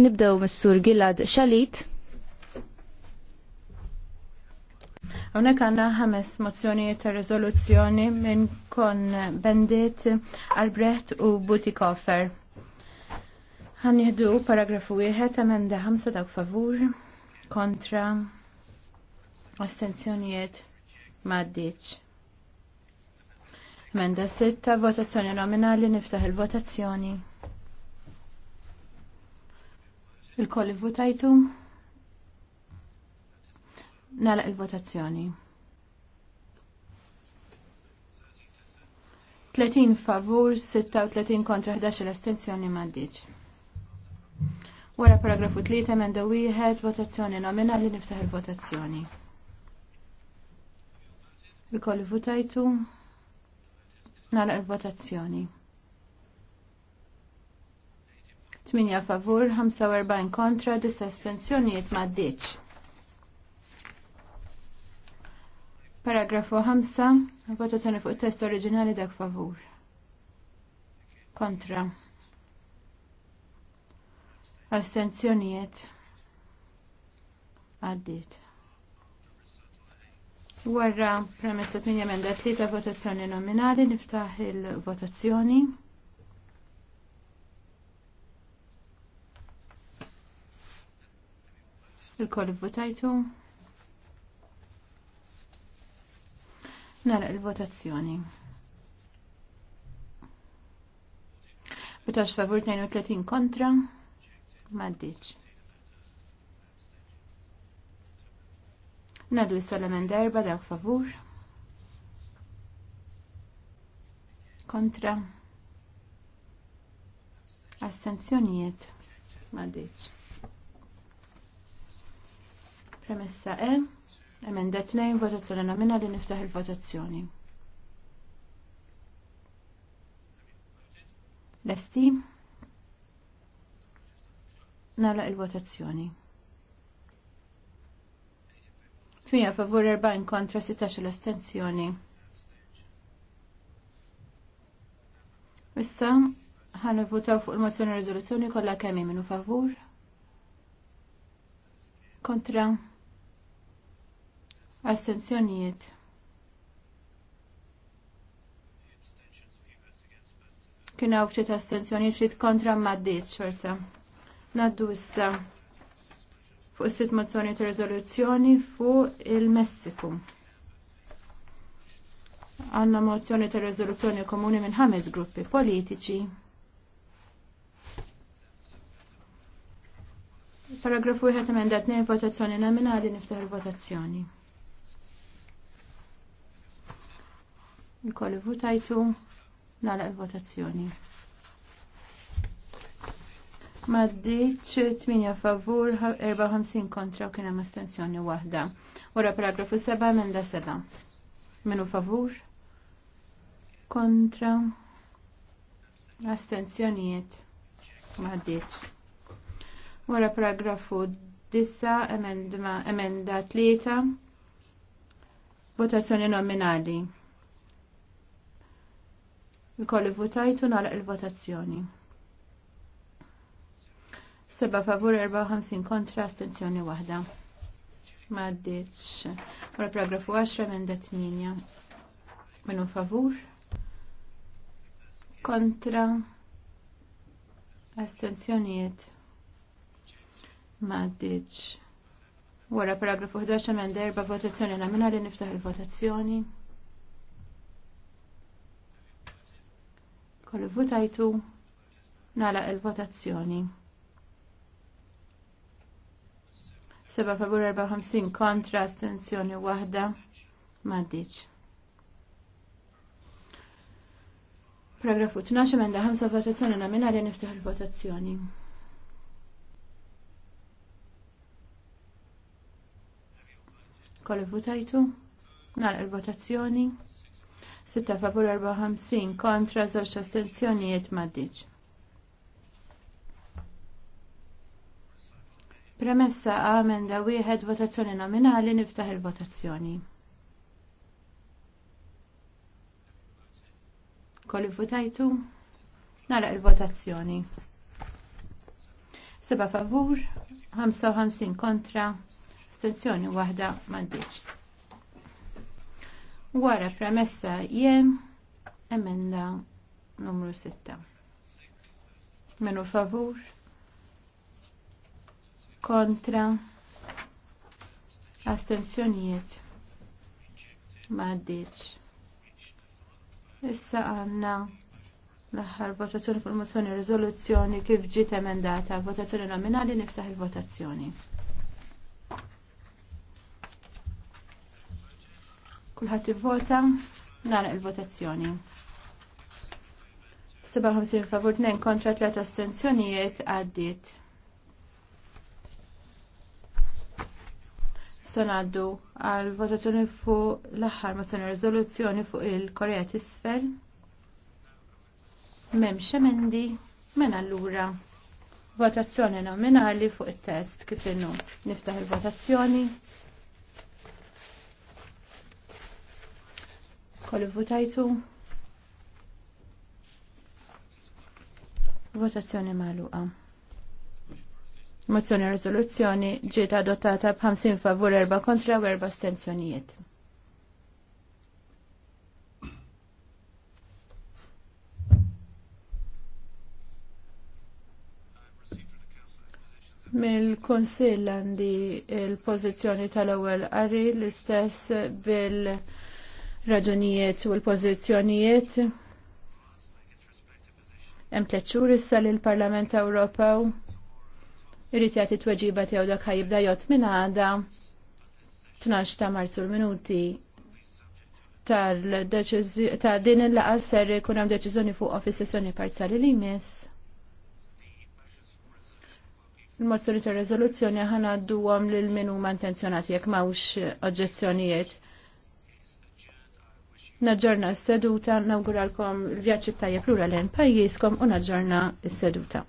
Nibdew mis-sur Gilad Xalit. Unek għanna ħames mozzjoni ta' rezoluzzjoni minn kon Bendit, Albrecht u Butikoffer. Għanniħdu paragrafu wieħed amenda ħamsa dak favur kontra astenzjonijiet maddiċ. Amenda sitta votazzjoni nominali niftaħ il-votazzjoni. Il-kolli votajtu? Nalaq il-votazzjoni. 30 favur, 36 kontra 11 l-astenzjoni maddiċ. Wara paragrafu 3 emenda wieħed votazzjoni nominali niftaħ il-votazzjoni. Il-kolli votajtu? Nalaq il-votazzjoni. 8 favur, 45 kontra, disa astenzjonijiet maddiċ. Paragrafu 5, votazzjoni fuq test oriġinali dak favur. Kontra. Astenzjonijiet. Għaddit. Warra premessa 8 emenda 3 votazzjoni nominali, niftaħ il-votazzjoni. Il-koll votajtu. Nara il-votazzjoni. Votax favur 32 kontra. Maddiċ. Nadu s-salamen darba dawk favur. Kontra. Astenzjonijiet. Maddiċ. Premessa E, emenda 2, votazzjoni li niftaħ il-votazzjoni. Lesti? Nala il-votazzjoni. Tmija favur 40 kontra 16 l-astenzjoni. Issa, ħan votaw fuq il-mozzjoni rezoluzzjoni kollha kemm minu favur? Kontra? Astenzjonijiet. Kien hawn ftit astenzjonijiet ftit kontra Maddiet xorta. Naddu issa fuq is-sitt mozzjoni ta' riżoluzzjoni fuq il-Messiku. Għanna mozzjoni ta' riżoluzzjoni komuni minn ħames gruppi politiċi. Paragrafu 1 emenda 2 votazzjoni nominali niftaħ il-votazzjoni. Nikoli votajtu nagħlaq il-votazzjoni. Maddiċ 8 favur, 54 kontra u kien hemm astenzjoni waħda. Wara paragrafu 7 emenda 7. Minu favur? Kontra? Astenzjonijiet? Maddiċ. Wara paragrafu 9 emenda 3. Votazzjoni nominali. Nkolli votajtu nagħlaq il-votazzjoni. Seba favur 54 kontra astenzjoni waħda. Maddiċ. Wara paragrafu 10 minn det 8. Minu favur. Kontra. Astenzjonijiet. Maddiċ. Wara paragrafu 11 minn derba votazzjoni li niftaħ il-votazzjoni. Kollu votajtu nagħlaq il-votazzjoni. Seba' favur 54 kontra astenzjoni waħda maddiċ. Paragrafu 12 emenda 5 votazzjoni nominali niftaħ il-votazzjoni. Kollu votajtu nagħlaq il-votazzjoni. Sitta' favur 54 kontra żewġ astenzjonijiet m'għaddiġ. Premessa emenda wieħed votazzjoni nominali niftaħ il-votazzjoni. Kolli votajtu? Nara il-votazzjoni. Seba favur, 55 kontra, astenzjoni waħda mandiċ. Wara premessa jem emenda numru 6. Menu favur. Kontra. Astenzjonijiet. Maddiċ. Issa għanna l-aħħar votazzjoni fuq mozzjoni riżoluzzjoni kif ġiet emendata votazzjoni nominali niftaħ il-votazzjoni. Kulħadd ivvota nagħlaq il-votazzjoni. 57 favur 2 kontra 3 astenzjonijiet għaddiet. sanaddu għal votazzjoni fuq l-aħħar mozzjoni riżoluzzjoni fuq il-Korea isfel. M'hemmx emendi men mela allura votazzjoni nominali fuq it-test kif innu Niftaħ il-votazzjoni. Kolli votajtu. Votazzjoni maluqa. Mozzjoni e rezoluzzjoni ġiet adottata b'50 favur erba' kontra u erba' stenzjonijiet. Mill-Konsill għandi il-pożizzjoni tal-ewwel qari l-istess bil- raġunijiet u l-pożizzjonijiet. Hemm tliet xhur issa lill parlament Ewropew irid jagħti tweġiba tiegħu dak ħajibda jgħod minn għada 12 ta' Marzu l-minuti ta' din il laqas ser ikun hemm deċiżjoni fuq fis-sessjoni parzjali li jmiss. Il-mozzjoni ta' rezoluzzjoni ħanaddu għom lil minu ma' intenzjonati jekk mawx oġġezzjonijiet naġġorna s-seduta, nawguralkom l-vjaċċi tajja plura l-en pajjiżkom u naġġorna s-seduta.